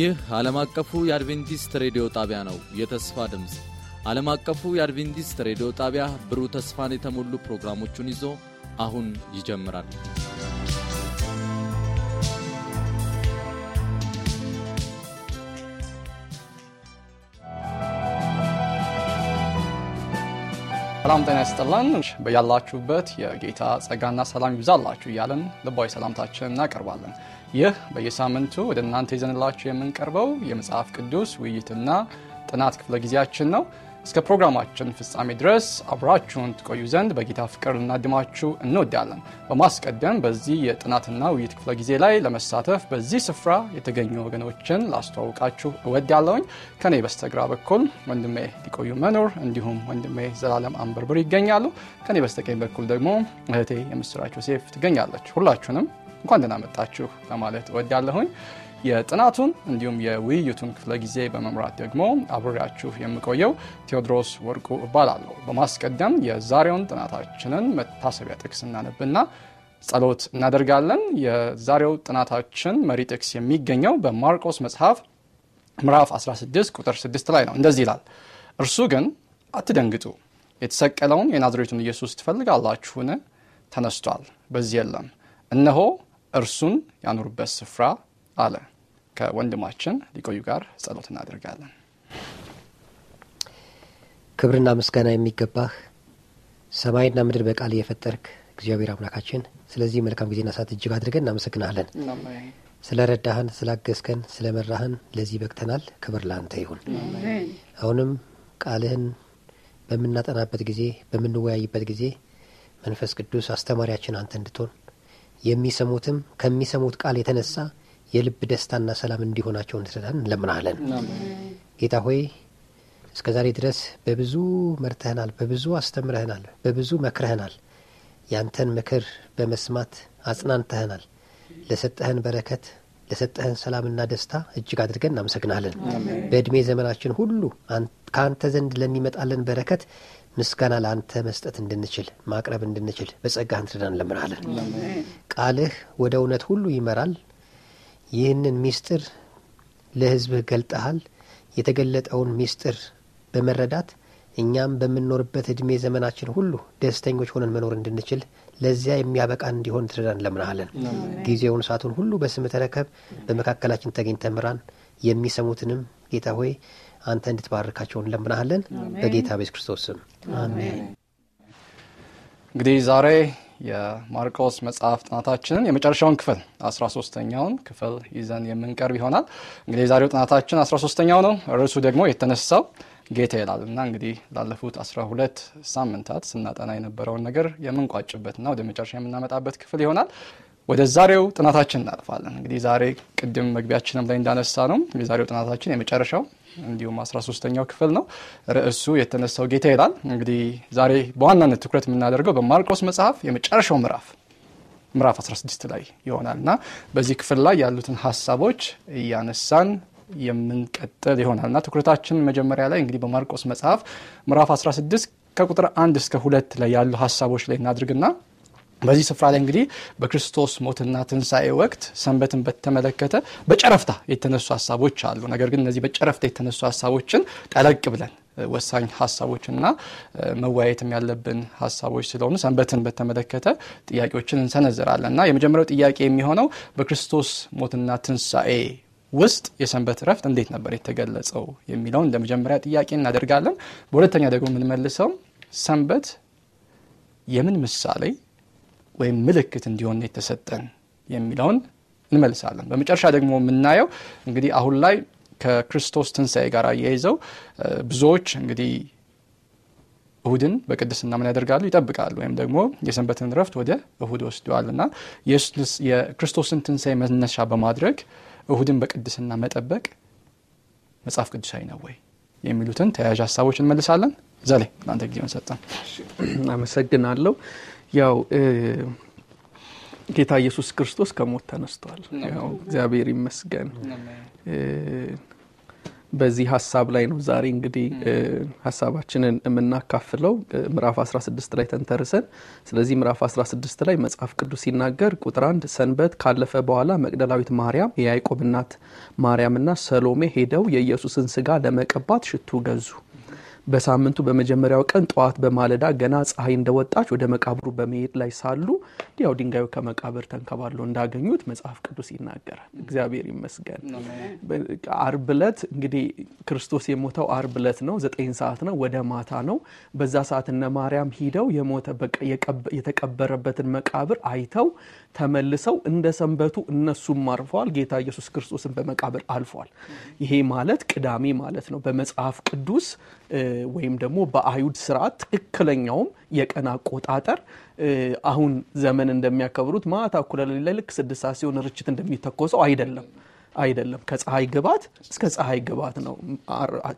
ይህ ዓለም አቀፉ የአድቬንቲስት ሬዲዮ ጣቢያ ነው። የተስፋ ድምፅ ዓለም አቀፉ የአድቬንቲስት ሬዲዮ ጣቢያ ብሩህ ተስፋን የተሞሉ ፕሮግራሞቹን ይዞ አሁን ይጀምራል። ሰላም ጤና ይስጥልን። በያላችሁበት የጌታ ጸጋና ሰላም ይብዛላችሁ እያለን ልባዊ ሰላምታችን እናቀርባለን። ይህ በየሳምንቱ ወደ እናንተ ይዘንላችሁ የምንቀርበው የመጽሐፍ ቅዱስ ውይይትና ጥናት ክፍለ ጊዜያችን ነው። እስከ ፕሮግራማችን ፍጻሜ ድረስ አብራችሁን ትቆዩ ዘንድ በጌታ ፍቅር ልናድማችሁ እንወዳለን። በማስቀደም በዚህ የጥናትና ውይይት ክፍለ ጊዜ ላይ ለመሳተፍ በዚህ ስፍራ የተገኙ ወገኖችን ላስተዋውቃችሁ እወዳለሁኝ። ከኔ በስተግራ በኩል ወንድሜ ሊቆዩ መኖር እንዲሁም ወንድሜ ዘላለም አንበርብር ይገኛሉ። ከኔ በስተቀኝ በኩል ደግሞ እህቴ የምስራቸው ሴፍ ትገኛለች። ሁላችሁንም እንኳን ደህና መጣችሁ ለማለት እወዳለሁኝ። የጥናቱን እንዲሁም የውይይቱን ክፍለ ጊዜ በመምራት ደግሞ አብሬያችሁ የምቆየው ቴዎድሮስ ወርቁ እባላለሁ። በማስቀደም የዛሬውን ጥናታችንን መታሰቢያ ጥቅስ እናነብና ጸሎት እናደርጋለን። የዛሬው ጥናታችን መሪ ጥቅስ የሚገኘው በማርቆስ መጽሐፍ ምዕራፍ 16 ቁጥር 6 ላይ ነው። እንደዚህ ይላል፣ እርሱ ግን አትደንግጡ፣ የተሰቀለውን የናዝሬቱን ኢየሱስ ትፈልጋላችሁን? ተነስቷል፣ በዚህ የለም። እነሆ እርሱን ያኖሩበት ስፍራ አለ። ከወንድማችን ሊቆዩ ጋር ጸሎት እናደርጋለን። ክብርና ምስጋና የሚገባህ ሰማይና ምድር በቃል እየፈጠርክ እግዚአብሔር አምላካችን ስለዚህ መልካም ጊዜና ሰዓት እጅግ አድርገን እናመሰግናለን። ስለ ረዳህን፣ ስላገዝከን፣ ስለ መራህን ለዚህ በቅተናል። ክብር ለአንተ ይሁን። አሁንም ቃልህን በምናጠናበት ጊዜ፣ በምንወያይበት ጊዜ መንፈስ ቅዱስ አስተማሪያችን አንተ እንድትሆን የሚሰሙትም ከሚሰሙት ቃል የተነሳ የልብ ደስታና ሰላም እንዲሆናቸው እንድትረዳን እንለምናለን። ጌታ ሆይ እስከ ዛሬ ድረስ በብዙ መርተህናል፣ በብዙ አስተምረህናል፣ በብዙ መክረህናል። ያንተን ምክር በመስማት አጽናንተህናል። ለሰጠህን በረከት ለሰጠህን ሰላምና ደስታ እጅግ አድርገን እናመሰግናለን። በዕድሜ ዘመናችን ሁሉ ከአንተ ዘንድ ለሚመጣልን በረከት ምስጋና ለአንተ መስጠት እንድንችል ማቅረብ እንድንችል በጸጋህ እንትዳን ለምናለን ቃልህ ወደ እውነት ሁሉ ይመራል። ይህንን ሚስጥር ለህዝብህ ገልጠሃል። የተገለጠውን ሚስጥር በመረዳት እኛም በምንኖርበት እድሜ ዘመናችን ሁሉ ደስተኞች ሆነን መኖር እንድንችል ለዚያ የሚያበቃን እንዲሆን ትረዳን እንለምናሃለን። ጊዜውን ሰዓቱን ሁሉ በስም ተረከብ። በመካከላችን ተገኝ ተምራን የሚሰሙትንም ጌታ ሆይ አንተ እንድትባርካቸው እንለምናሃለን በጌታ ቤት ክርስቶስ ስም እንግዲህ ዛሬ የማርቆስ መጽሐፍ ጥናታችንን የመጨረሻውን ክፍል 13ተኛውን ክፍል ይዘን የምንቀርብ ይሆናል። እንግዲህ የዛሬው ጥናታችን 13ተኛው ነው። ርሱ ደግሞ የተነሳው ጌታ ይላል እና እንግዲህ ላለፉት 12 ሳምንታት ስናጠና የነበረውን ነገር ና ወደ መጨረሻ የምናመጣበት ክፍል ይሆናል። ወደ ዛሬው ጥናታችን እናልፋለን። እንግዲህ ዛሬ ቅድም መግቢያችንም ላይ እንዳነሳ ነው የዛሬው ጥናታችን የመጨረሻው እንዲሁም 13 ኛው ክፍል ነው። ርዕሱ የተነሳው ጌታ ይላል። እንግዲህ ዛሬ በዋናነት ትኩረት የምናደርገው በማርቆስ መጽሐፍ የመጨረሻው ምዕራፍ ምዕራፍ 16 ላይ ይሆናል እና በዚህ ክፍል ላይ ያሉትን ሀሳቦች እያነሳን የምንቀጥል ይሆናል እና ትኩረታችን መጀመሪያ ላይ እንግዲህ በማርቆስ መጽሐፍ ምዕራፍ 16 ከቁጥር 1 እስከ 2 ላይ ያሉ ሀሳቦች ላይ እናድርግና በዚህ ስፍራ ላይ እንግዲህ በክርስቶስ ሞትና ትንሣኤ ወቅት ሰንበትን በተመለከተ በጨረፍታ የተነሱ ሀሳቦች አሉ። ነገር ግን እነዚህ በጨረፍታ የተነሱ ሀሳቦችን ጠለቅ ብለን ወሳኝ ሀሳቦችና መወያየትም ያለብን ሀሳቦች ስለሆኑ ሰንበትን በተመለከተ ጥያቄዎችን እንሰነዝራለን እና የመጀመሪያው ጥያቄ የሚሆነው በክርስቶስ ሞትና ትንሣኤ ውስጥ የሰንበት ረፍት እንዴት ነበር የተገለጸው የሚለውን እንደ መጀመሪያ ጥያቄ እናደርጋለን። በሁለተኛ ደግሞ የምንመልሰው ሰንበት የምን ምሳሌ ወይም ምልክት እንዲሆን የተሰጠን የሚለውን እንመልሳለን። በመጨረሻ ደግሞ የምናየው እንግዲህ አሁን ላይ ከክርስቶስ ትንሣኤ ጋር አያይዘው ብዙዎች እንግዲህ እሁድን በቅድስና ምን ያደርጋሉ? ይጠብቃሉ። ወይም ደግሞ የሰንበትን ረፍት ወደ እሁድ ወስደዋል ና የክርስቶስን ትንሣኤ መነሻ በማድረግ እሁድን በቅድስና መጠበቅ መጽሐፍ ቅዱሳዊ ነው ወይ የሚሉትን ተያያዥ ሀሳቦች እንመልሳለን። ዛሬ እናንተ ጊዜውን ሰጠን። አመሰግናለሁ። ያው ጌታ ኢየሱስ ክርስቶስ ከሞት ተነስቷል። ያው እግዚአብሔር ይመስገን። በዚህ ሀሳብ ላይ ነው ዛሬ እንግዲህ ሀሳባችንን የምናካፍለው ምዕራፍ 16 ላይ ተንተርሰን። ስለዚህ ምዕራፍ 16 ላይ መጽሐፍ ቅዱስ ሲናገር ቁጥር አንድ ሰንበት ካለፈ በኋላ መቅደላዊት ማርያም፣ የያይቆብናት ማርያምና ሰሎሜ ሄደው የኢየሱስን ስጋ ለመቀባት ሽቱ ገዙ። በሳምንቱ በመጀመሪያው ቀን ጠዋት በማለዳ ገና ፀሐይ እንደወጣች ወደ መቃብሩ በመሄድ ላይ ሳሉ ያው ድንጋዩ ከመቃብር ተንከባሎ እንዳገኙት መጽሐፍ ቅዱስ ይናገራል። እግዚአብሔር ይመስገን። አርብ ዕለት እንግዲህ ክርስቶስ የሞተው አርብ ዕለት ነው። ዘጠኝ ሰዓት ነው፣ ወደ ማታ ነው። በዛ ሰዓት እነ ማርያም ሂደው የሞተ የተቀበረበትን መቃብር አይተው ተመልሰው እንደ ሰንበቱ እነሱም አርፈዋል። ጌታ ኢየሱስ ክርስቶስን በመቃብር አልፏል። ይሄ ማለት ቅዳሜ ማለት ነው በመጽሐፍ ቅዱስ ወይም ደግሞ በአይሁድ ስርዓት ትክክለኛውም የቀን አቆጣጠር አሁን ዘመን እንደሚያከብሩት ማታ እኩለ ሌሊት ላይ ልክ ስድስት ሰዓት ሲሆን ርችት እንደሚተኮሰው አይደለም አይደለም ከፀሐይ ግባት እስከ ፀሐይ ግባት ነው።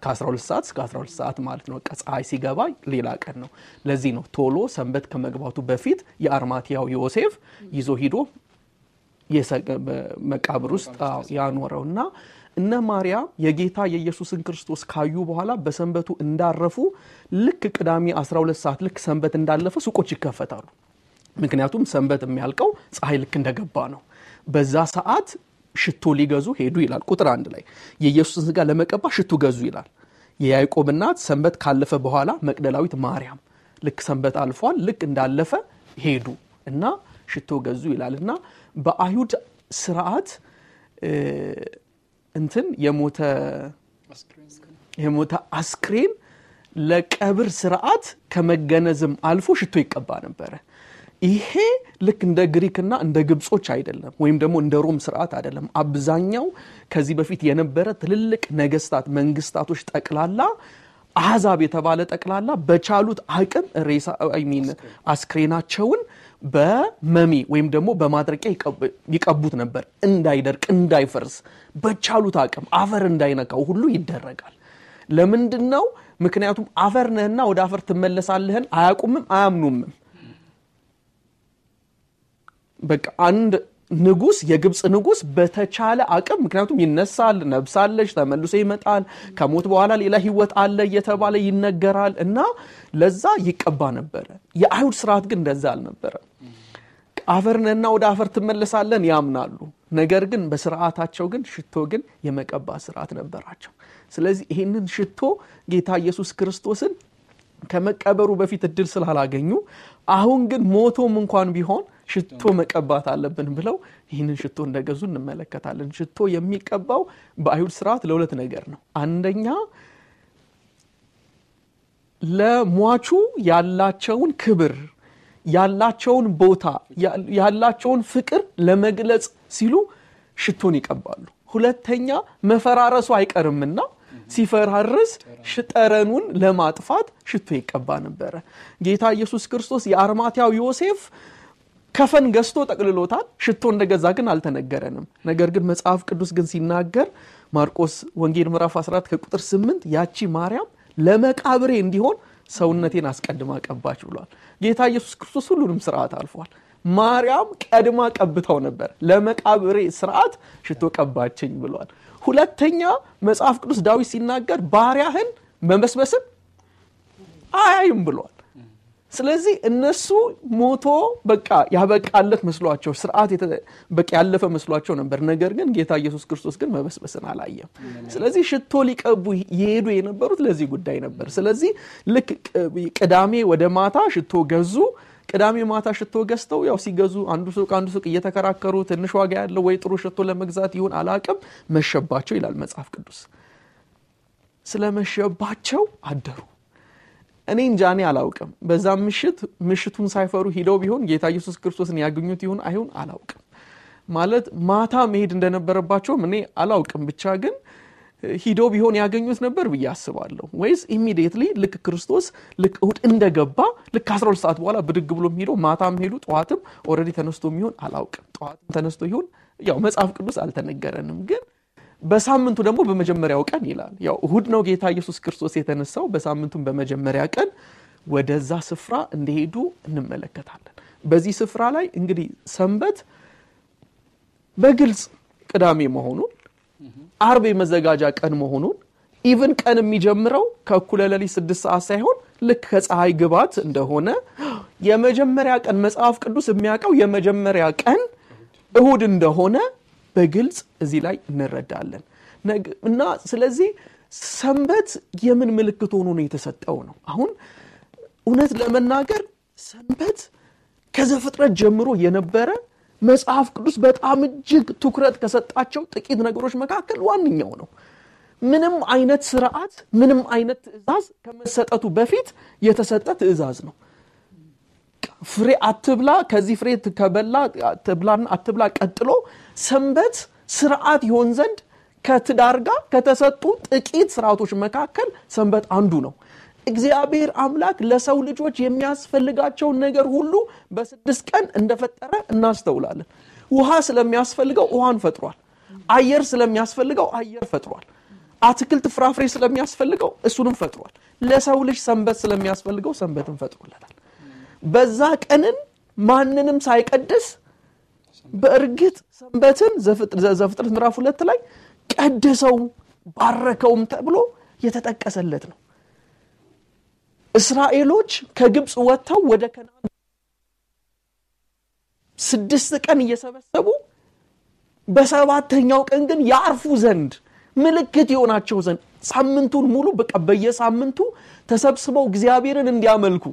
ከ12 ሰዓት እስከ 12 ሰዓት ማለት ነው። ከፀሐይ ሲገባ ሌላ ቀን ነው። ለዚህ ነው ቶሎ ሰንበት ከመግባቱ በፊት የአርማትያው ዮሴፍ ይዞ ሂዶ መቃብር ውስጥ ያኖረውና እነ ማርያም የጌታ የኢየሱስን ክርስቶስ ካዩ በኋላ በሰንበቱ እንዳረፉ ልክ ቅዳሜ 12 ሰዓት ልክ ሰንበት እንዳለፈ ሱቆች ይከፈታሉ። ምክንያቱም ሰንበት የሚያልቀው ፀሐይ ልክ እንደገባ ነው። በዛ ሰዓት ሽቶ ሊገዙ ሄዱ ይላል። ቁጥር አንድ ላይ የኢየሱስን ስጋ ለመቀባ ሽቱ ገዙ ይላል። የያዕቆብ እናት ሰንበት ካለፈ በኋላ መቅደላዊት ማርያም ልክ ሰንበት አልፏል፣ ልክ እንዳለፈ ሄዱ እና ሽቶ ገዙ ይላል እና በአይሁድ ስርዓት እንትን የሞተ የሞተ አስክሬን ለቀብር ስርዓት ከመገነዝም አልፎ ሽቶ ይቀባ ነበረ። ይሄ ልክ እንደ ግሪክና እንደ ግብጾች አይደለም፣ ወይም ደግሞ እንደ ሮም ስርዓት አይደለም። አብዛኛው ከዚህ በፊት የነበረ ትልልቅ ነገስታት፣ መንግስታቶች ጠቅላላ አህዛብ የተባለ ጠቅላላ በቻሉት አቅም አስክሬናቸውን በመሚ ወይም ደግሞ በማድረቂያ ይቀቡት ነበር። እንዳይደርቅ እንዳይፈርስ፣ በቻሉት አቅም አፈር እንዳይነካው ሁሉ ይደረጋል። ለምንድን ነው? ምክንያቱም አፈር ነህና ወደ አፈር ትመለሳለህን አያቁምም አያምኑምም። በቃ አንድ ንጉስ፣ የግብፅ ንጉስ በተቻለ አቅም ምክንያቱም ይነሳል፣ ነብሳለች፣ ተመልሶ ይመጣል፣ ከሞት በኋላ ሌላ ህይወት አለ እየተባለ ይነገራል እና ለዛ ይቀባ ነበረ። የአይሁድ ስርዓት ግን እንደዛ አልነበረም። አፈርነና ወደ አፈር ትመለሳለን ያምናሉ። ነገር ግን በስርዓታቸው ግን ሽቶ ግን የመቀባት ስርዓት ነበራቸው። ስለዚህ ይህንን ሽቶ ጌታ ኢየሱስ ክርስቶስን ከመቀበሩ በፊት እድል ስላላገኙ አሁን ግን ሞቶም እንኳን ቢሆን ሽቶ መቀባት አለብን ብለው ይህንን ሽቶ እንደገዙ እንመለከታለን። ሽቶ የሚቀባው በአይሁድ ስርዓት ለሁለት ነገር ነው። አንደኛ ለሟቹ ያላቸውን ክብር ያላቸውን ቦታ ያላቸውን ፍቅር ለመግለጽ ሲሉ ሽቶን ይቀባሉ። ሁለተኛ መፈራረሱ አይቀርምና ሲፈራርስ ሽጠረኑን ለማጥፋት ሽቶ ይቀባ ነበረ። ጌታ ኢየሱስ ክርስቶስ የአርማትያው ዮሴፍ ከፈን ገዝቶ ጠቅልሎታል። ሽቶ እንደገዛ ግን አልተነገረንም። ነገር ግን መጽሐፍ ቅዱስ ግን ሲናገር ማርቆስ ወንጌል ምዕራፍ 14 ከቁጥር 8 ያቺ ማርያም ለመቃብሬ እንዲሆን ሰውነቴን አስቀድማ ቀባች ብሏል። ጌታ ኢየሱስ ክርስቶስ ሁሉንም ስርዓት አልፏል። ማርያም ቀድማ ቀብታው ነበር። ለመቃብሬ ስርዓት ሽቶ ቀባችኝ ብሏል። ሁለተኛ መጽሐፍ ቅዱስ ዳዊት ሲናገር ባሪያህን መበስበስን አያይም ብሏል። ስለዚህ እነሱ ሞቶ በቃ ያበቃለት መስሏቸው ስርዓት በቃ ያለፈ መስሏቸው ነበር። ነገር ግን ጌታ ኢየሱስ ክርስቶስ ግን መበስበስን አላየም። ስለዚህ ሽቶ ሊቀቡ ይሄዱ የነበሩት ለዚህ ጉዳይ ነበር። ስለዚህ ልክ ቅዳሜ ወደ ማታ ሽቶ ገዙ። ቅዳሜ ማታ ሽቶ ገዝተው ያው ሲገዙ አንዱ ሱቅ አንዱ ሱቅ እየተከራከሩ ትንሽ ዋጋ ያለው ወይ ጥሩ ሽቶ ለመግዛት ይሁን አላቅም መሸባቸው ይላል መጽሐፍ ቅዱስ። ስለመሸባቸው አደሩ። እኔ እንጃኔ አላውቅም። በዛም ምሽት ምሽቱን ሳይፈሩ ሂደው ቢሆን ጌታ ኢየሱስ ክርስቶስን ያገኙት ይሁን አይሁን አላውቅም። ማለት ማታ መሄድ እንደነበረባቸውም እኔ አላውቅም። ብቻ ግን ሂደው ቢሆን ያገኙት ነበር ብዬ አስባለሁ። ወይስ ኢሚዲየትሊ ልክ ክርስቶስ ልክ እሁድ እንደገባ ልክ 12 ሰዓት በኋላ ብድግ ብሎ ሄዶ ማታ ሄዱ ጠዋትም ኦልሬዲ ተነስቶ የሚሆን አላውቅም። ጠዋትም ተነስቶ ይሆን ያው መጽሐፍ ቅዱስ አልተነገረንም ግን በሳምንቱ ደግሞ በመጀመሪያው ቀን ይላል። ያው እሁድ ነው ጌታ ኢየሱስ ክርስቶስ የተነሳው። በሳምንቱም በመጀመሪያ ቀን ወደዛ ስፍራ እንደሄዱ እንመለከታለን። በዚህ ስፍራ ላይ እንግዲህ ሰንበት በግልጽ ቅዳሜ መሆኑን፣ አርብ የመዘጋጃ ቀን መሆኑን ኢቭን ቀን የሚጀምረው ከእኩለ ሌሊት ስድስት ሰዓት ሳይሆን ልክ ከፀሐይ ግባት እንደሆነ የመጀመሪያ ቀን መጽሐፍ ቅዱስ የሚያውቀው የመጀመሪያ ቀን እሁድ እንደሆነ በግልጽ እዚህ ላይ እንረዳለን እና ስለዚህ ሰንበት የምን ምልክት ሆኖ ነው የተሰጠው ነው አሁን እውነት ለመናገር ሰንበት ከዘፍጥረት ጀምሮ የነበረ መጽሐፍ ቅዱስ በጣም እጅግ ትኩረት ከሰጣቸው ጥቂት ነገሮች መካከል ዋነኛው ነው ምንም አይነት ስርዓት ምንም አይነት ትእዛዝ ከመሰጠቱ በፊት የተሰጠ ትእዛዝ ነው ፍሬ አትብላ፣ ከዚህ ፍሬ ከበላ አትብላ። ቀጥሎ ሰንበት ስርዓት ይሆን ዘንድ ከትዳር ጋር ከተሰጡ ጥቂት ስርዓቶች መካከል ሰንበት አንዱ ነው። እግዚአብሔር አምላክ ለሰው ልጆች የሚያስፈልጋቸውን ነገር ሁሉ በስድስት ቀን እንደፈጠረ እናስተውላለን። ውሃ ስለሚያስፈልገው ውሃን ፈጥሯል። አየር ስለሚያስፈልገው አየር ፈጥሯል። አትክልት ፍራፍሬ ስለሚያስፈልገው እሱንም ፈጥሯል። ለሰው ልጅ ሰንበት ስለሚያስፈልገው ሰንበትን ፈጥሮለታል። በዛ ቀንን ማንንም ሳይቀድስ በእርግጥ ሰንበትን ዘፍጥረት ምዕራፍ ሁለት ላይ ቀደሰው ባረከውም ተብሎ የተጠቀሰለት ነው እስራኤሎች ከግብፅ ወጥተው ወደ ከነአን ስድስት ቀን እየሰበሰቡ በሰባተኛው ቀን ግን ያርፉ ዘንድ ምልክት የሆናቸው ዘንድ ሳምንቱን ሙሉ በቃ በየሳምንቱ ተሰብስበው እግዚአብሔርን እንዲያመልኩ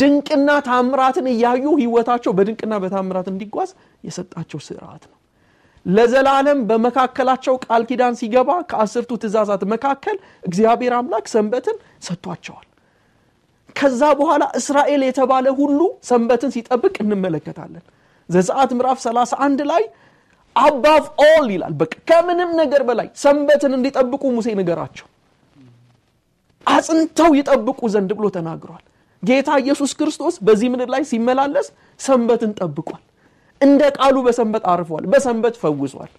ድንቅና ታምራትን እያዩ ህይወታቸው በድንቅና በታምራት እንዲጓዝ የሰጣቸው ስርዓት ነው ለዘላለም በመካከላቸው ቃል ኪዳን ሲገባ ከአስርቱ ትእዛዛት መካከል እግዚአብሔር አምላክ ሰንበትን ሰጥቷቸዋል ከዛ በኋላ እስራኤል የተባለ ሁሉ ሰንበትን ሲጠብቅ እንመለከታለን ዘጸአት ምዕራፍ 31 ላይ አባቭ ኦል ይላል በቃ ከምንም ነገር በላይ ሰንበትን እንዲጠብቁ ሙሴ ነገራቸው አጽንተው ይጠብቁ ዘንድ ብሎ ተናግሯል ጌታ ኢየሱስ ክርስቶስ በዚህ ምድር ላይ ሲመላለስ ሰንበትን ጠብቋል። እንደ ቃሉ በሰንበት አርፏል፣ በሰንበት ፈውሷል።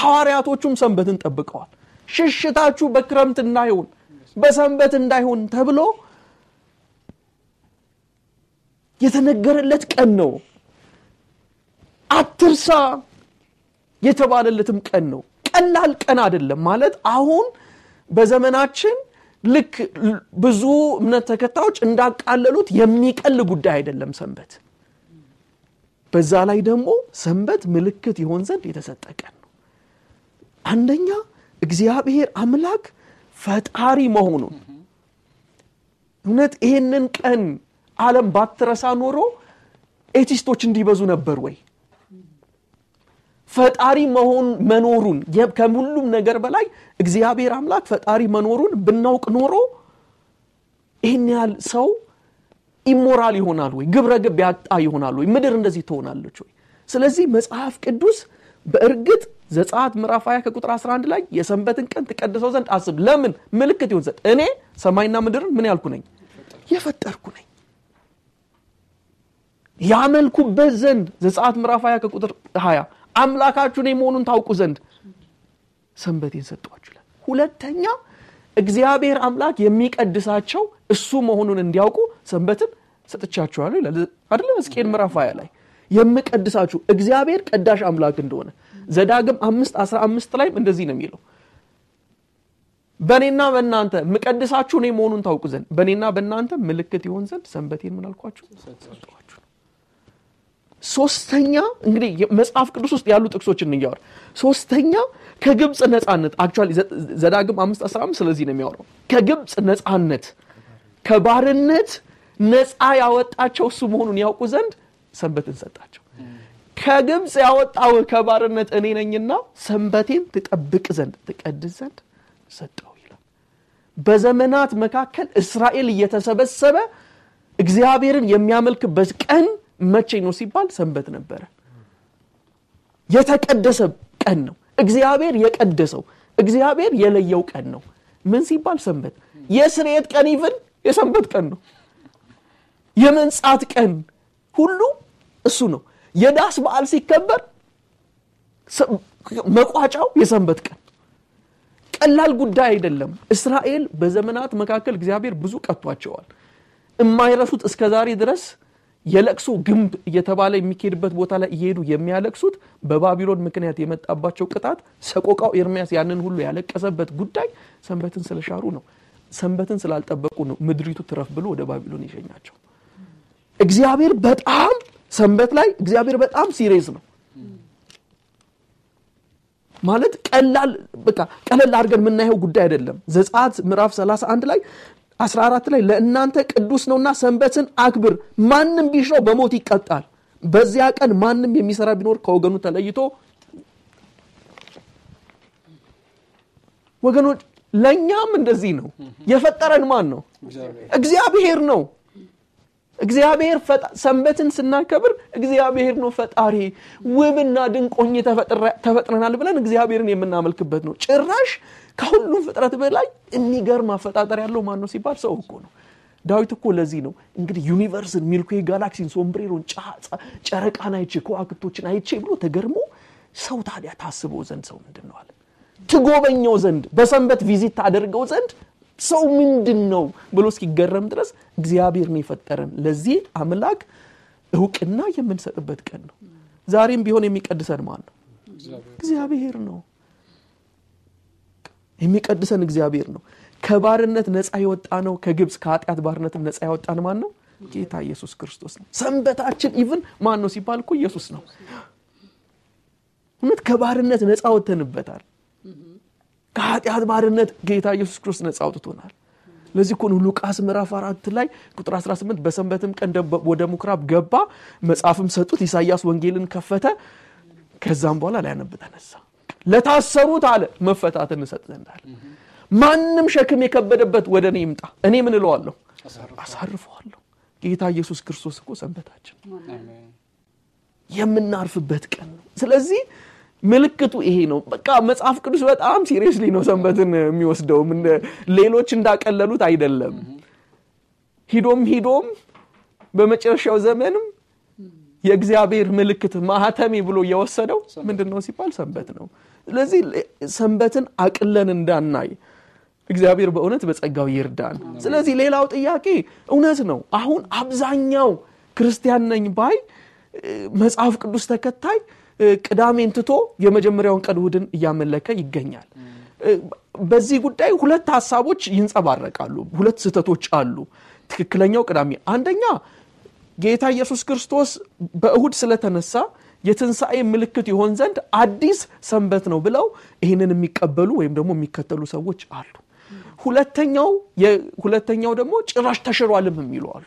ሐዋርያቶቹም ሰንበትን ጠብቀዋል። ሽሽታችሁ በክረምት እንዳይሆን በሰንበት እንዳይሆን ተብሎ የተነገረለት ቀን ነው። አትርሳ የተባለለትም ቀን ነው። ቀላል ቀን አይደለም። ማለት አሁን በዘመናችን ልክ ብዙ እምነት ተከታዮች እንዳቃለሉት የሚቀል ጉዳይ አይደለም ሰንበት በዛ ላይ ደግሞ ሰንበት ምልክት ይሆን ዘንድ የተሰጠ ቀን ነው አንደኛ እግዚአብሔር አምላክ ፈጣሪ መሆኑን እውነት ይህንን ቀን አለም ባትረሳ ኖሮ ኤቲስቶች እንዲበዙ ነበር ወይ ፈጣሪ መሆን መኖሩን ከሁሉም ነገር በላይ እግዚአብሔር አምላክ ፈጣሪ መኖሩን ብናውቅ ኖሮ ይህን ያህል ሰው ኢሞራል ይሆናል ወይ ግብረ ግብ ያጣ ይሆናል ወይ ምድር እንደዚህ ትሆናለች ወይ ስለዚህ መጽሐፍ ቅዱስ በእርግጥ ዘጻት ምዕራፍ 20 ከቁጥር 11 ላይ የሰንበትን ቀን ትቀድሰው ዘንድ አስብ ለምን ምልክት ይሆን ዘንድ እኔ ሰማይና ምድርን ምን ያልኩ ነኝ የፈጠርኩ ነኝ ያመልኩበት ዘንድ ዘጻት ምዕራፍ 20 ከቁጥር 20 አምላካችሁ እኔ መሆኑን ታውቁ ዘንድ ሰንበቴን ሰጠኋችሁ ይላል። ሁለተኛ እግዚአብሔር አምላክ የሚቀድሳቸው እሱ መሆኑን እንዲያውቁ ሰንበትን ሰጥቻችኋለሁ አደለ? ሕዝቅኤል ምራፍ ሃያ ላይ የምቀድሳችሁ እግዚአብሔር ቀዳሽ አምላክ እንደሆነ ዘዳግም አምስት አስራ አምስት ላይም እንደዚህ ነው የሚለው በእኔና በእናንተ ምቀድሳችሁ እኔ መሆኑን ታውቁ ዘንድ በእኔና በእናንተ ምልክት ይሆን ዘንድ ሰንበቴን ምናልኳችሁ አልኳችሁ ሶስተኛ እንግዲህ መጽሐፍ ቅዱስ ውስጥ ያሉ ጥቅሶች እንያወር ሶስተኛ ከግብፅ ነፃነት አክቹዋሊ ዘዳግም አምስት አስራ ስለዚህ ነው የሚያወረው ከግብፅ ነፃነት ከባርነት ነፃ ያወጣቸው እሱ መሆኑን ያውቁ ዘንድ ሰንበትን ሰጣቸው ከግብፅ ያወጣው ከባርነት እኔ ነኝና ሰንበቴን ትጠብቅ ዘንድ ትቀድስ ዘንድ ሰጠው ይላል በዘመናት መካከል እስራኤል እየተሰበሰበ እግዚአብሔርን የሚያመልክበት ቀን መቼ ነው ሲባል ሰንበት ነበረ። የተቀደሰ ቀን ነው። እግዚአብሔር የቀደሰው እግዚአብሔር የለየው ቀን ነው። ምን ሲባል ሰንበት። የስርየት ቀን ይፍን የሰንበት ቀን ነው። የመንጻት ቀን ሁሉ እሱ ነው። የዳስ በዓል ሲከበር መቋጫው የሰንበት ቀን ቀላል ጉዳይ አይደለም። እስራኤል በዘመናት መካከል እግዚአብሔር ብዙ ቀጥቷቸዋል። የማይረሱት እስከ ዛሬ ድረስ የለቅሶ ግንብ እየተባለ የሚካሄድበት ቦታ ላይ እየሄዱ የሚያለቅሱት በባቢሎን ምክንያት የመጣባቸው ቅጣት ሰቆቃው ኤርሚያስ ያንን ሁሉ ያለቀሰበት ጉዳይ ሰንበትን ስለሻሩ ነው። ሰንበትን ስላልጠበቁ ነው ምድሪቱ ትረፍ ብሎ ወደ ባቢሎን ይሸኛቸው። እግዚአብሔር በጣም ሰንበት ላይ እግዚአብሔር በጣም ሲሪየስ ነው ማለት ቀላል በቃ ቀለል አድርገን የምናየው ጉዳይ አይደለም። ዘጸአት ምዕራፍ 31 ላይ 14 ላይ ለእናንተ ቅዱስ ነውና ሰንበትን አክብር፣ ማንም ቢሽረው በሞት ይቀጣል። በዚያ ቀን ማንም የሚሰራ ቢኖር ከወገኑ ተለይቶ ወገኖች ለእኛም እንደዚህ ነው። የፈጠረን ማን ነው? እግዚአብሔር ነው። እግዚአብሔር ሰንበትን ስናከብር እግዚአብሔር ነው ፈጣሪ። ውብና ድንቆኝ ተፈጥረናል ብለን እግዚአብሔርን የምናመልክበት ነው። ጭራሽ ከሁሉም ፍጥረት በላይ የሚገርም አፈጣጠር ያለው ማን ነው ሲባል ሰው እኮ ነው። ዳዊት እኮ ለዚህ ነው እንግዲህ ዩኒቨርስን፣ ሚልኩዌ ጋላክሲን፣ ሶምብሬሮን፣ ጨረቃን አይቼ ከዋክብቶችን አይቼ ብሎ ተገርሞ ሰው ታዲያ ታስበው ዘንድ ሰው ምንድን ነው አለ ትጎበኘው ዘንድ በሰንበት ቪዚት ታደርገው ዘንድ ሰው ምንድን ነው ብሎ እስኪገረም ድረስ እግዚአብሔር ነው የፈጠረን። ለዚህ አምላክ እውቅና የምንሰጥበት ቀን ነው። ዛሬም ቢሆን የሚቀድሰን ማን ነው? እግዚአብሔር ነው። የሚቀድሰን እግዚአብሔር ነው። ከባርነት ነፃ የወጣ ነው። ከግብፅ ከኃጢአት ባርነትም ነፃ ያወጣን ማን ነው? ጌታ ኢየሱስ ክርስቶስ ነው። ሰንበታችን ኢቭን ማን ነው ሲባል እኮ ኢየሱስ ነው። እውነት ከባርነት ነፃ ወተንበታል። ከኃጢአት ባርነት ጌታ ኢየሱስ ክርስቶስ ነፃ አውጥቶናል። ለዚህ እኮ ሉቃስ ምዕራፍ አራት ላይ ቁጥር 18 በሰንበትም ቀን ወደ ምኩራብ ገባ፣ መጽሐፍም ሰጡት፣ ኢሳይያስ ወንጌልን ከፈተ። ከዛም በኋላ ላያነብ ተነሳ። ለታሰሩት አለ መፈታት እንሰጥ ዘንድ አለ ማንም ሸክም የከበደበት ወደ እኔ ይምጣ እኔ ምን እለዋለሁ አሳርፈዋለሁ ጌታ ኢየሱስ ክርስቶስ እኮ ሰንበታችን የምናርፍበት ቀን ነው ስለዚህ ምልክቱ ይሄ ነው በቃ መጽሐፍ ቅዱስ በጣም ሲሪየስሊ ነው ሰንበትን የሚወስደው ሌሎች እንዳቀለሉት አይደለም ሂዶም ሂዶም በመጨረሻው ዘመንም የእግዚአብሔር ምልክት ማህተሜ ብሎ እየወሰደው ምንድን ነው ሲባል ሰንበት ነው። ስለዚህ ሰንበትን አቅለን እንዳናይ እግዚአብሔር በእውነት በጸጋው ይርዳን። ስለዚህ ሌላው ጥያቄ እውነት ነው። አሁን አብዛኛው ክርስቲያን ነኝ ባይ መጽሐፍ ቅዱስ ተከታይ ቅዳሜን ትቶ የመጀመሪያውን ቀን ውድን እያመለከ ይገኛል። በዚህ ጉዳይ ሁለት ሀሳቦች ይንጸባረቃሉ። ሁለት ስህተቶች አሉ። ትክክለኛው ቅዳሜ አንደኛ ጌታ ኢየሱስ ክርስቶስ በእሁድ ስለተነሳ የትንሣኤ ምልክት ይሆን ዘንድ አዲስ ሰንበት ነው ብለው ይህንን የሚቀበሉ ወይም ደግሞ የሚከተሉ ሰዎች አሉ። ሁለተኛው ሁለተኛው ደግሞ ጭራሽ ተሽሯልም የሚሉ አሉ።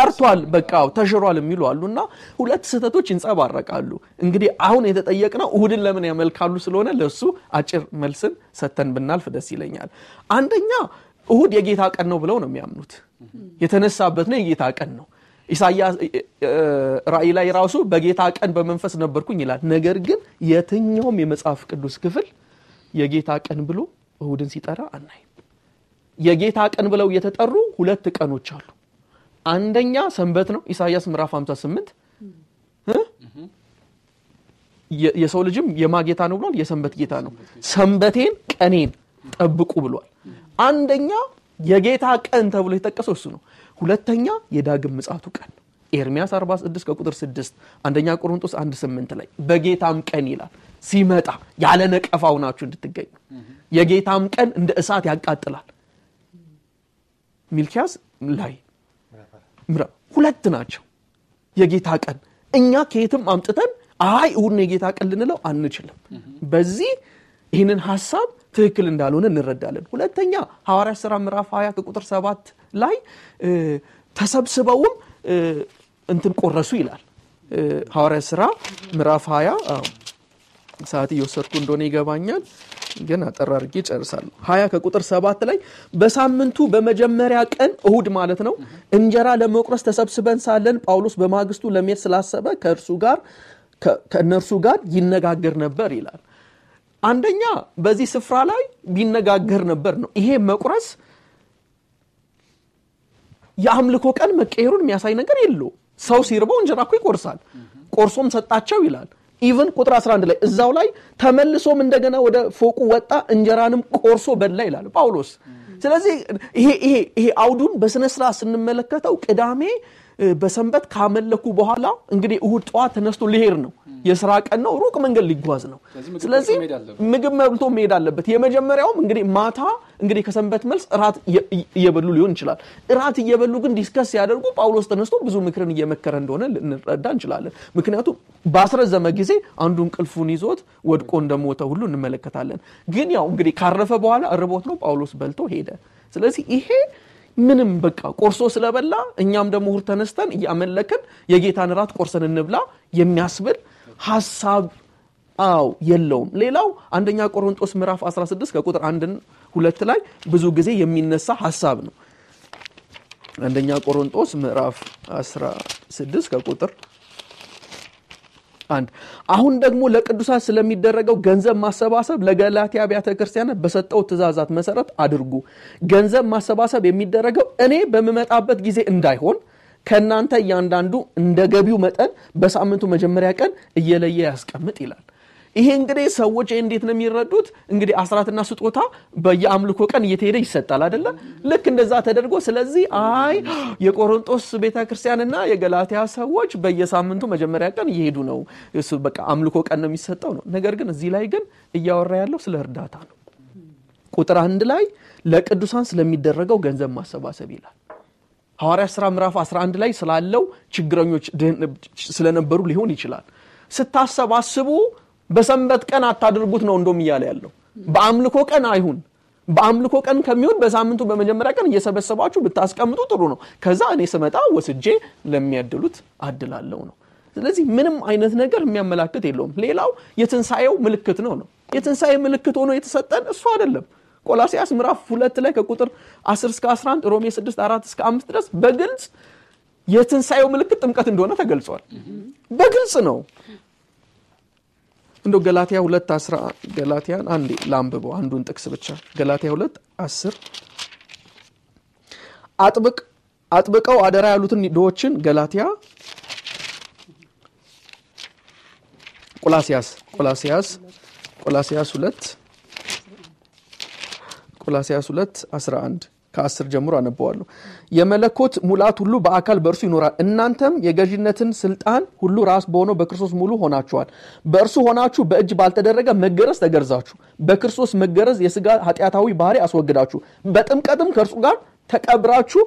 ቀርቷል፣ በቃ ተሽሯል የሚሉ አሉ። እና ሁለት ስህተቶች ይንጸባረቃሉ። እንግዲህ አሁን የተጠየቅነው እሁድን ለምን ያመልካሉ ስለሆነ ለእሱ አጭር መልስን ሰተን ብናልፍ ደስ ይለኛል። አንደኛ እሁድ የጌታ ቀን ነው ብለው ነው የሚያምኑት የተነሳበት ነው። የጌታ ቀን ነው። ኢሳያስ ራእይ ላይ ራሱ በጌታ ቀን በመንፈስ ነበርኩኝ ይላል። ነገር ግን የትኛውም የመጽሐፍ ቅዱስ ክፍል የጌታ ቀን ብሎ እሁድን ሲጠራ አናይም። የጌታ ቀን ብለው የተጠሩ ሁለት ቀኖች አሉ። አንደኛ ሰንበት ነው። ኢሳያስ ምዕራፍ 58 የሰው ልጅም የማጌታ ነው ብሏል። የሰንበት ጌታ ነው። ሰንበቴን ቀኔን ጠብቁ ብሏል። አንደኛ የጌታ ቀን ተብሎ የተጠቀሰው እሱ ነው ሁለተኛ የዳግም ምጻቱ ቀን ኤርሚያስ 46 ከቁጥር 6 አንደኛ ቆሮንጦስ 1 8 ላይ በጌታም ቀን ይላል ሲመጣ ያለ ነቀፋው ናችሁ እንድትገኙ የጌታም ቀን እንደ እሳት ያቃጥላል ሚልኪያስ ላይ ሁለት ናቸው የጌታ ቀን እኛ ከየትም አምጥተን አይ እሁድ የጌታ ቀን ልንለው አንችልም በዚህ ይህንን ሀሳብ ትክክል እንዳልሆነ እንረዳለን። ሁለተኛ ሐዋርያ ስራ ምዕራፍ 20 ቁጥር 7 ላይ ተሰብስበውም እንትን ቆረሱ ይላል። ሐዋርያ ስራ ምዕራፍ 20 ሰዓት እየወሰድኩ እንደሆነ ይገባኛል፣ ግን አጠራ ርጌ ይጨርሳሉ 20 ከቁጥር 7 ላይ በሳምንቱ በመጀመሪያ ቀን እሁድ ማለት ነው እንጀራ ለመቁረስ ተሰብስበን ሳለን ጳውሎስ በማግስቱ ለሜድ ስላሰበ ከእርሱ ጋር ከእነርሱ ጋር ይነጋገር ነበር ይላል። አንደኛ በዚህ ስፍራ ላይ ቢነጋገር ነበር ነው። ይሄ መቁረስ የአምልኮ ቀን መቀየሩን የሚያሳይ ነገር የለው። ሰው ሲርበው እንጀራ እኮ ይቆርሳል። ቆርሶም ሰጣቸው ይላል። ኢቨን ቁጥር 11 ላይ እዛው ላይ ተመልሶም እንደገና ወደ ፎቁ ወጣ፣ እንጀራንም ቆርሶ በላ ይላል ጳውሎስ። ስለዚህ ይሄ አውዱን በስነ ስንመለከተው ቅዳሜ በሰንበት ካመለኩ በኋላ እንግዲህ እሁድ ጠዋት ተነስቶ ሊሄድ ነው። የስራ ቀን ነው። ሩቅ መንገድ ሊጓዝ ነው። ስለዚህ ምግብ መብልቶ መሄድ አለበት። የመጀመሪያውም እንግዲህ ማታ እንግዲህ ከሰንበት መልስ እራት እየበሉ ሊሆን ይችላል። እራት እየበሉ ግን ዲስከስ ሲያደርጉ ጳውሎስ ተነስቶ ብዙ ምክርን እየመከረ እንደሆነ ልንረዳ እንችላለን። ምክንያቱም በአስረዘመ ጊዜ አንዱ እንቅልፉን ይዞት ወድቆ እንደሞተ ሁሉ እንመለከታለን። ግን ያው እንግዲህ ካረፈ በኋላ እርቦት ነው ጳውሎስ በልቶ ሄደ። ስለዚህ ይሄ ምንም በቃ ቆርሶ ስለበላ እኛም ደግሞ ሁር ተነስተን እያመለክን የጌታን ራት ቆርሰን እንብላ የሚያስብል ሀሳብ አው የለውም። ሌላው አንደኛ ቆሮንጦስ ምዕራፍ 16 ከቁጥር 1 ሁለት ላይ ብዙ ጊዜ የሚነሳ ሀሳብ ነው። አንደኛ ቆሮንጦስ ምዕራፍ 16 ከቁጥር አንድ አሁን ደግሞ ለቅዱሳት ስለሚደረገው ገንዘብ ማሰባሰብ ለገላትያ አብያተ ክርስቲያናት በሰጠው ትእዛዛት መሰረት አድርጉ። ገንዘብ ማሰባሰብ የሚደረገው እኔ በምመጣበት ጊዜ እንዳይሆን ከእናንተ እያንዳንዱ እንደ ገቢው መጠን በሳምንቱ መጀመሪያ ቀን እየለየ ያስቀምጥ ይላል። ይሄ እንግዲህ ሰዎች እንዴት ነው የሚረዱት? እንግዲህ አስራትና ስጦታ በየአምልኮ ቀን እየተሄደ ይሰጣል አደለ ልክ እንደዛ ተደርጎ ስለዚህ አይ የቆሮንጦስ ቤተክርስቲያንና የገላትያ ሰዎች በየሳምንቱ መጀመሪያ ቀን እየሄዱ ነው፣ በቃ አምልኮ ቀን ነው የሚሰጠው ነው። ነገር ግን እዚህ ላይ ግን እያወራ ያለው ስለ እርዳታ ነው። ቁጥር አንድ ላይ ለቅዱሳን ስለሚደረገው ገንዘብ ማሰባሰብ ይላል። ሐዋርያ ሥራ ምዕራፍ 11 ላይ ስላለው ችግረኞች ስለነበሩ ሊሆን ይችላል ስታሰባስቡ በሰንበት ቀን አታድርጉት ነው እንደም እያለ ያለው። በአምልኮ ቀን አይሁን። በአምልኮ ቀን ከሚሆን በሳምንቱ በመጀመሪያ ቀን እየሰበሰባችሁ ብታስቀምጡ ጥሩ ነው። ከዛ እኔ ስመጣ ወስጄ ለሚያድሉት አድላለሁ ነው። ስለዚህ ምንም አይነት ነገር የሚያመላክት የለውም። ሌላው የትንሣኤው ምልክት ነው ነው የትንሣኤ ምልክት ሆኖ የተሰጠን እሱ አይደለም። ቆላሲያስ ምዕራፍ ሁለት ላይ ከቁጥር 10 እስከ 11 ሮሜ 6 4 እስከ 5 ድረስ በግልጽ የትንሣኤው ምልክት ጥምቀት እንደሆነ ተገልጿል። በግልጽ ነው። እንደ ገላትያ 2 ገላትያን አንዴ ላንብበው አንዱን ጥቅስ ብቻ ገላትያ 2 10 አጥብቅ አጥብቀው አደራ ያሉትን ድዎችን ገላትያ ቆላሲያስ ቆላሲያስ ቆላሲያስ 2 ቆላሲያስ 2 11 ከ10 ጀምሮ አነበዋለሁ የመለኮት ሙላት ሁሉ በአካል በእርሱ ይኖራል። እናንተም የገዥነትን ስልጣን ሁሉ ራስ በሆነው በክርስቶስ ሙሉ ሆናችኋል። በእርሱ ሆናችሁ በእጅ ባልተደረገ መገረዝ ተገርዛችሁ፣ በክርስቶስ መገረዝ የስጋ ኃጢአታዊ ባህሪ አስወግዳችሁ፣ በጥምቀትም ከእርሱ ጋር ተቀብራችሁ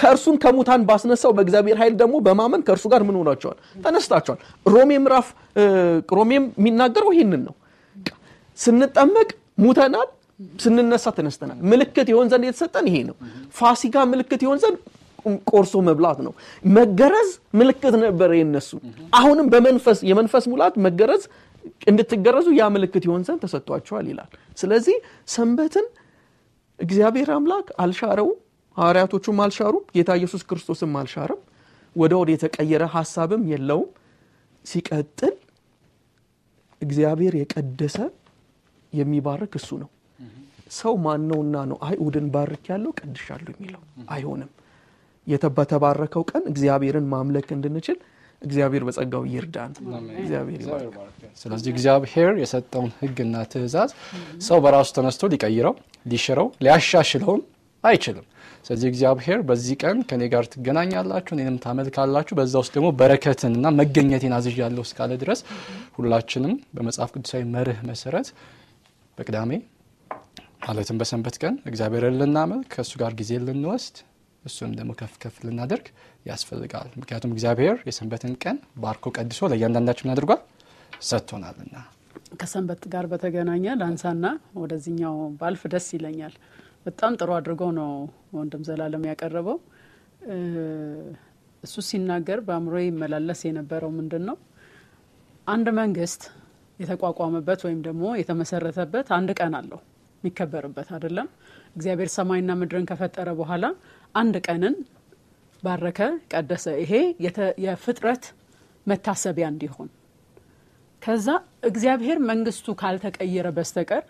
ከእርሱም ከሙታን ባስነሳው በእግዚአብሔር ኃይል ደግሞ በማመን ከእርሱ ጋር ምን ሆናቸዋል? ተነስታቸዋል። ሮሜ ምዕራፍ ሮሜም የሚናገረው ይህንን ነው። ስንጠመቅ ሙተናል ስንነሳ ተነስተናል። ምልክት የሆን ዘንድ የተሰጠን ይሄ ነው። ፋሲካ ምልክት የሆን ዘንድ ቆርሶ መብላት ነው። መገረዝ ምልክት ነበር የነሱ። አሁንም በመንፈስ የመንፈስ ሙላት መገረዝ እንድትገረዙ ያ ምልክት የሆን ዘንድ ተሰጥቷቸዋል ይላል። ስለዚህ ሰንበትን እግዚአብሔር አምላክ አልሻረውም፣ ሐዋርያቶቹም አልሻሩ ጌታ ኢየሱስ ክርስቶስም አልሻረም። ወደ ወደ የተቀየረ ሀሳብም የለውም። ሲቀጥል እግዚአብሔር የቀደሰ የሚባርክ እሱ ነው። ሰው ማን ነውና ነው አይ እሑድን ባርክ ያለው ቀድሻለሁ የሚለው አይሆንም። በተባረከው ቀን እግዚአብሔርን ማምለክ እንድንችል እግዚአብሔር በጸጋው ይርዳን። እግዚአብሔር ይባርክ። ስለዚህ እግዚአብሔር የሰጠውን ህግና ትእዛዝ ሰው በራሱ ተነስቶ ሊቀይረው፣ ሊሽረው፣ ሊያሻሽለውም አይችልም። ስለዚህ እግዚአብሔር በዚህ ቀን ከኔ ጋር ትገናኛላችሁ፣ እኔንም ታመልካላችሁ፣ በዛ ውስጥ ደግሞ በረከትን እና መገኘቴን ያለው እስካለ ድረስ ሁላችንም በመጽሐፍ ቅዱሳዊ መርህ መሰረት በቅዳሜ ማለትም በሰንበት ቀን እግዚአብሔርን ልናመልክ ከእሱ ጋር ጊዜ ልንወስድ እሱንም ደግሞ ከፍ ከፍ ልናደርግ ያስፈልጋል። ምክንያቱም እግዚአብሔር የሰንበትን ቀን ባርኮ ቀድሶ ለእያንዳንዳችን አድርጓል ሰጥቶናልና። ከሰንበት ጋር በተገናኘ ላንሳና ወደዚህኛው ባልፍ ደስ ይለኛል። በጣም ጥሩ አድርጎ ነው ወንድም ዘላለም ያቀረበው። እሱ ሲናገር በአእምሮ ይመላለስ የነበረው ምንድን ነው አንድ መንግስት የተቋቋመበት ወይም ደግሞ የተመሰረተበት አንድ ቀን አለው የሚከበርበት አይደለም። እግዚአብሔር ሰማይና ምድርን ከፈጠረ በኋላ አንድ ቀንን ባረከ፣ ቀደሰ። ይሄ የፍጥረት መታሰቢያ እንዲሆን ከዛ እግዚአብሔር መንግስቱ ካልተቀየረ በስተቀር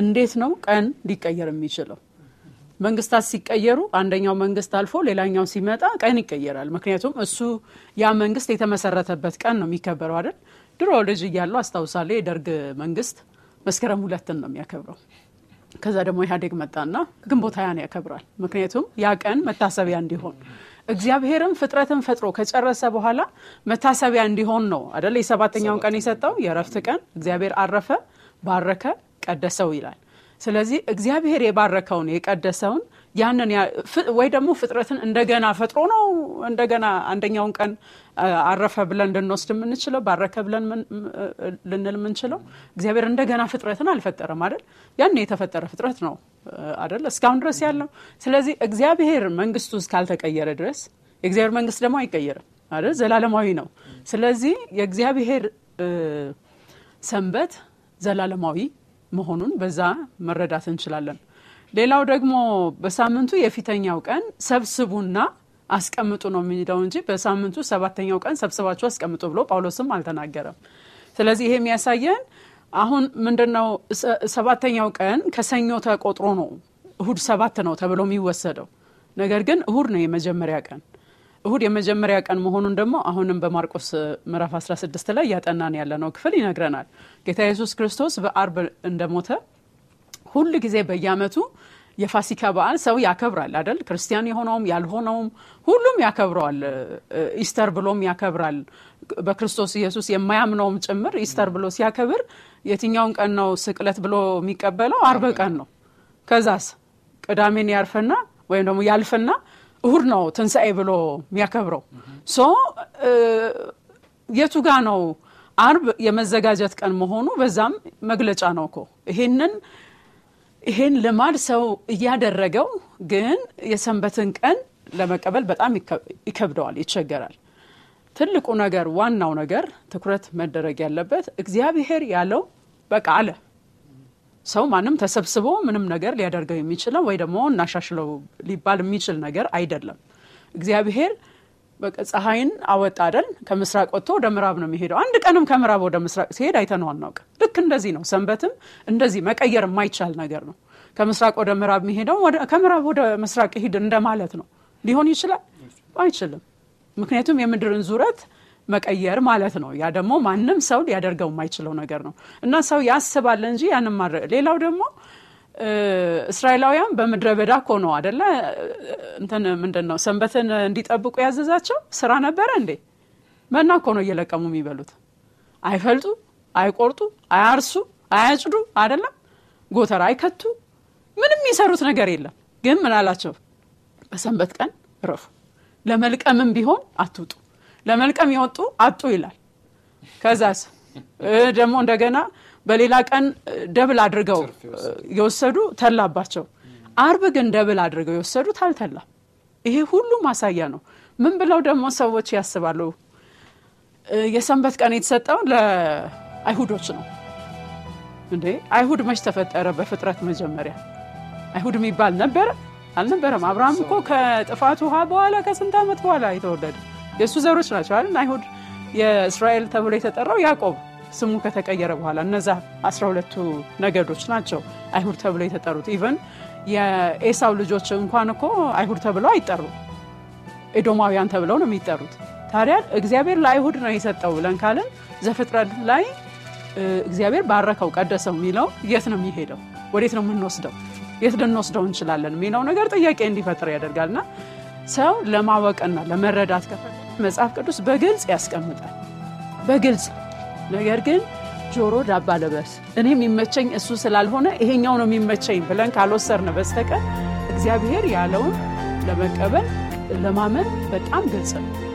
እንዴት ነው ቀን ሊቀየር የሚችለው? መንግስታት ሲቀየሩ አንደኛው መንግስት አልፎ ሌላኛው ሲመጣ ቀን ይቀየራል። ምክንያቱም እሱ ያ መንግስት የተመሰረተበት ቀን ነው የሚከበረው አይደል? ድሮ ልጅ እያለሁ አስታውሳለሁ የደርግ መንግስት መስከረም ሁለትን ነው የሚያከብረው። ከዛ ደግሞ ኢህአዴግ መጣና ግንቦት ሃያን ያከብራል። ምክንያቱም ያ ቀን መታሰቢያ እንዲሆን እግዚአብሔርም ፍጥረትን ፈጥሮ ከጨረሰ በኋላ መታሰቢያ እንዲሆን ነው አደለ? የሰባተኛውን ቀን የሰጠው የእረፍት ቀን እግዚአብሔር አረፈ፣ ባረከ፣ ቀደሰው ይላል። ስለዚህ እግዚአብሔር የባረከውን የቀደሰውን ያንን ወይ ደግሞ ፍጥረትን እንደገና ፈጥሮ ነው እንደገና አንደኛውን ቀን አረፈ ብለን ልንወስድ የምንችለው ባረከ ብለን ልንል የምንችለው እግዚአብሔር እንደገና ፍጥረትን አልፈጠረም አይደል? ያን የተፈጠረ ፍጥረት ነው አይደል? እስካሁን ድረስ ያለው። ስለዚህ እግዚአብሔር መንግስቱ እስካልተቀየረ ድረስ የእግዚአብሔር መንግስት ደግሞ አይቀየርም አይደል? ዘላለማዊ ነው። ስለዚህ የእግዚአብሔር ሰንበት ዘላለማዊ መሆኑን በዛ መረዳት እንችላለን። ሌላው ደግሞ በሳምንቱ የፊተኛው ቀን ሰብስቡና አስቀምጡ ነው የሚለው እንጂ በሳምንቱ ሰባተኛው ቀን ሰብስባችሁ አስቀምጡ ብሎ ጳውሎስም አልተናገረም። ስለዚህ ይሄ የሚያሳየን አሁን ምንድነው ሰባተኛው ቀን ከሰኞ ተቆጥሮ ነው እሁድ ሰባት ነው ተብሎ የሚወሰደው። ነገር ግን እሁድ ነው የመጀመሪያ ቀን። እሁድ የመጀመሪያ ቀን መሆኑን ደግሞ አሁንም በማርቆስ ምዕራፍ 16 ላይ እያጠናን ያለነው ክፍል ይነግረናል። ጌታ ኢየሱስ ክርስቶስ በአርብ እንደሞተ ሁል ጊዜ በየአመቱ የፋሲካ በዓል ሰው ያከብራል አይደል? ክርስቲያን የሆነውም ያልሆነውም ሁሉም ያከብረዋል። ኢስተር ብሎም ያከብራል። በክርስቶስ ኢየሱስ የማያምነውም ጭምር ኢስተር ብሎ ሲያከብር የትኛውን ቀን ነው ስቅለት ብሎ የሚቀበለው? አርብ ቀን ነው። ከዛስ ቅዳሜን ያርፍና ወይም ደግሞ ያልፍና እሁድ ነው ትንሣኤ ብሎ የሚያከብረው። ሶ የቱ ጋ ነው አርብ የመዘጋጀት ቀን መሆኑ በዛም መግለጫ ነው ኮ ይሄንን ይሄን ልማድ ሰው እያደረገው ግን የሰንበትን ቀን ለመቀበል በጣም ይከብደዋል፣ ይቸገራል። ትልቁ ነገር ዋናው ነገር ትኩረት መደረግ ያለበት እግዚአብሔር ያለው በቃ አለ። ሰው ማንም ተሰብስቦ ምንም ነገር ሊያደርገው የሚችለው ወይ ደግሞ እናሻሽለው ሊባል የሚችል ነገር አይደለም። እግዚአብሔር በቃ ፀሐይን አወጣ አይደል? ከምስራቅ ወጥቶ ወደ ምዕራብ ነው የሚሄደው። አንድ ቀንም ከምዕራብ ወደ ምስራቅ ሲሄድ አይተነው አናውቅም። ልክ እንደዚህ ነው። ሰንበትም እንደዚህ መቀየር የማይቻል ነገር ነው። ከምስራቅ ወደ ምዕራብ የሚሄደው ከምዕራብ ወደ ምስራቅ ሂድ እንደማለት ነው። ሊሆን ይችላል? አይችልም። ምክንያቱም የምድርን ዙረት መቀየር ማለት ነው። ያ ደግሞ ማንም ሰው ሊያደርገው የማይችለው ነገር ነው እና ሰው ያስባል እንጂ ያንም ማድረግ ሌላው ደግሞ እስራኤላውያን በምድረ በዳ እኮ ነው አደለ? እንትን ምንድን ነው ሰንበትን እንዲጠብቁ ያዘዛቸው ስራ ነበረ እንዴ? መና እኮ ነው እየለቀሙ የሚበሉት። አይፈልጡ፣ አይቆርጡ፣ አያርሱ፣ አያጭዱ፣ አደለም ጎተር አይከቱ፣ ምንም የሚሰሩት ነገር የለም። ግን ምን አላቸው? በሰንበት ቀን ረፉ ለመልቀምም ቢሆን አትውጡ። ለመልቀም የወጡ አጡ ይላል። ከዛስ ደግሞ እንደገና በሌላ ቀን ደብል አድርገው የወሰዱ ተላባቸው። አርብ ግን ደብል አድርገው የወሰዱት አልተላ ይሄ ሁሉ ማሳያ ነው። ምን ብለው ደግሞ ሰዎች ያስባሉ? የሰንበት ቀን የተሰጠው ለአይሁዶች ነው እንዴ? አይሁድ መች ተፈጠረ? በፍጥረት መጀመሪያ አይሁድ የሚባል ነበረ አልነበረም? አብርሃም እኮ ከጥፋት ውሃ በኋላ ከስንት ዓመት በኋላ የተወለደ የእሱ ዘሮች ናቸው አይደል? አይሁድ የእስራኤል ተብሎ የተጠራው ያዕቆብ ስሙ ከተቀየረ በኋላ እነዛ 12ቱ ነገዶች ናቸው አይሁድ ተብለው የተጠሩት። ኢቨን የኤሳው ልጆች እንኳን እኮ አይሁድ ተብለው አይጠሩ፣ ኤዶማውያን ተብለው ነው የሚጠሩት። ታዲያ እግዚአብሔር ለአይሁድ ነው የሰጠው ብለን ካልን ዘፍጥረት ላይ እግዚአብሔር ባረከው ቀደሰው የሚለው የት ነው የሚሄደው? ወዴት ነው የምንወስደው? የት ልንወስደው እንችላለን የሚለው ነገር ጥያቄ እንዲፈጥር ና ሰው ለማወቅና ለመረዳት ከፈለገ መጽሐፍ ቅዱስ በግልጽ ያስቀምጣል በግልጽ ነገር ግን ጆሮ ዳባ ለበስ እኔ የሚመቸኝ እሱ ስላልሆነ ይሄኛው ነው የሚመቸኝ ብለን ካልወሰድን በስተቀር እግዚአብሔር ያለውን ለመቀበል ለማመን በጣም ግልጽ ነው።